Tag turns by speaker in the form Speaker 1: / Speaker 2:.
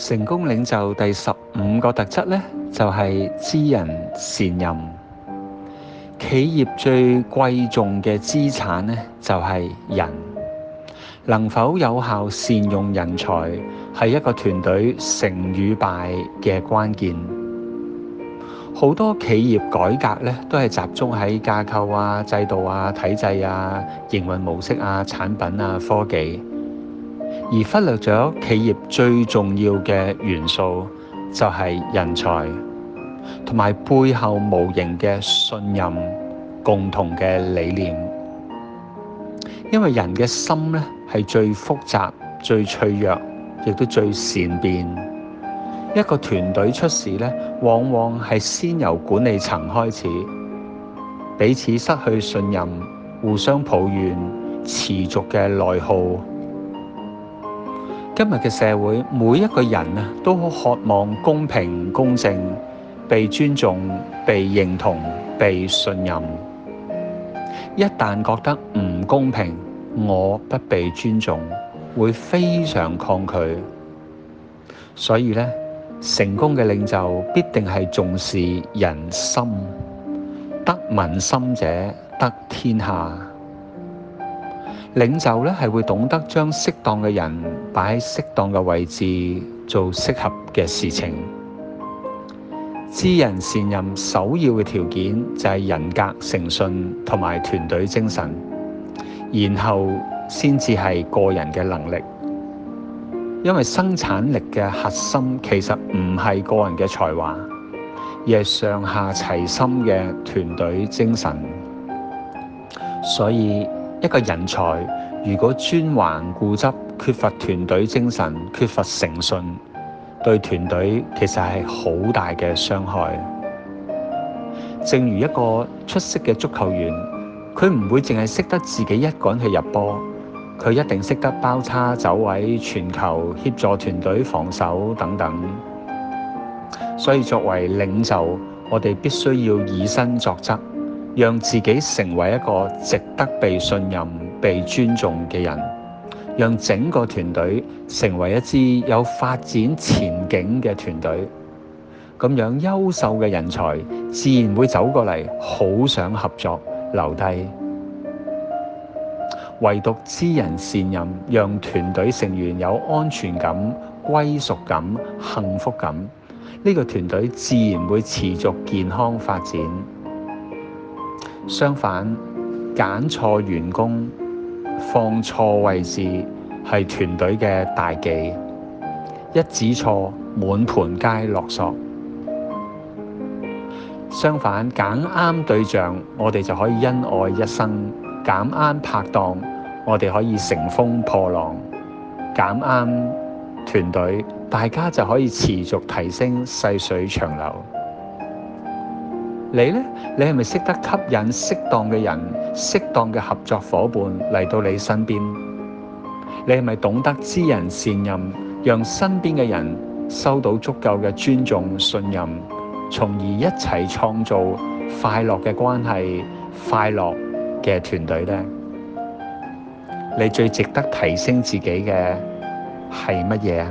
Speaker 1: 成功領袖第十五個特質呢，就係知人善任。企業最貴重嘅資產呢，就係人。能否有效善用人才，係一個團隊成與敗嘅關鍵。好多企業改革呢，都係集中喺架構啊、制度啊、體制啊、營運模式啊、產品啊、科技，而忽略咗企業最重要嘅元素，就係人才同埋背後無形嘅信任、共同嘅理念。因為人嘅心呢，係最複雜、最脆弱，亦都最善變。一個團隊出事呢，往往係先由管理層開始，彼此失去信任，互相抱怨，持續嘅內耗。今日嘅社會，每一個人啊都好渴望公平、公正，被尊重、被認同、被信任。一旦覺得唔公平，我不被尊重，會非常抗拒。所以咧，成功嘅領袖必定係重視人心，得民心者得天下。領袖咧，係會懂得將適當嘅人擺喺適當嘅位置，做適合嘅事情。知人善任首要嘅條件就係人格誠信同埋團隊精神，然後先至係個人嘅能力。因為生產力嘅核心其實唔係個人嘅才華，而係上下齊心嘅團隊精神。所以一個人才如果專橫固執、缺乏團隊精神、缺乏誠信，對團隊其實係好大嘅傷害。正如一個出色嘅足球員，佢唔會淨係識得自己一個人去入波，佢一定識得包抄走位、傳球、協助團隊防守等等。所以作為領袖，我哋必須要以身作則。讓自己成為一個值得被信任、被尊重嘅人，讓整個團隊成為一支有發展前景嘅團隊。咁樣優秀嘅人才自然會走過嚟，好想合作留低。唯獨知人善任，讓團隊成員有安全感、歸屬感、幸福感，呢、這個團隊自然會持續健康發展。相反，揀錯員工，放錯位置，係團隊嘅大忌。一子錯，滿盤皆落索。相反，揀啱對象，我哋就可以恩愛一生；揀啱拍檔，我哋可以乘風破浪；揀啱團隊，大家就可以持續提升，細水長流。你呢？你係咪識得吸引適當嘅人、適當嘅合作夥伴嚟到你身邊？你係咪懂得知人善任，讓身邊嘅人收到足夠嘅尊重、信任，從而一齊創造快樂嘅關係、快樂嘅團隊呢？你最值得提升自己嘅係乜嘢啊？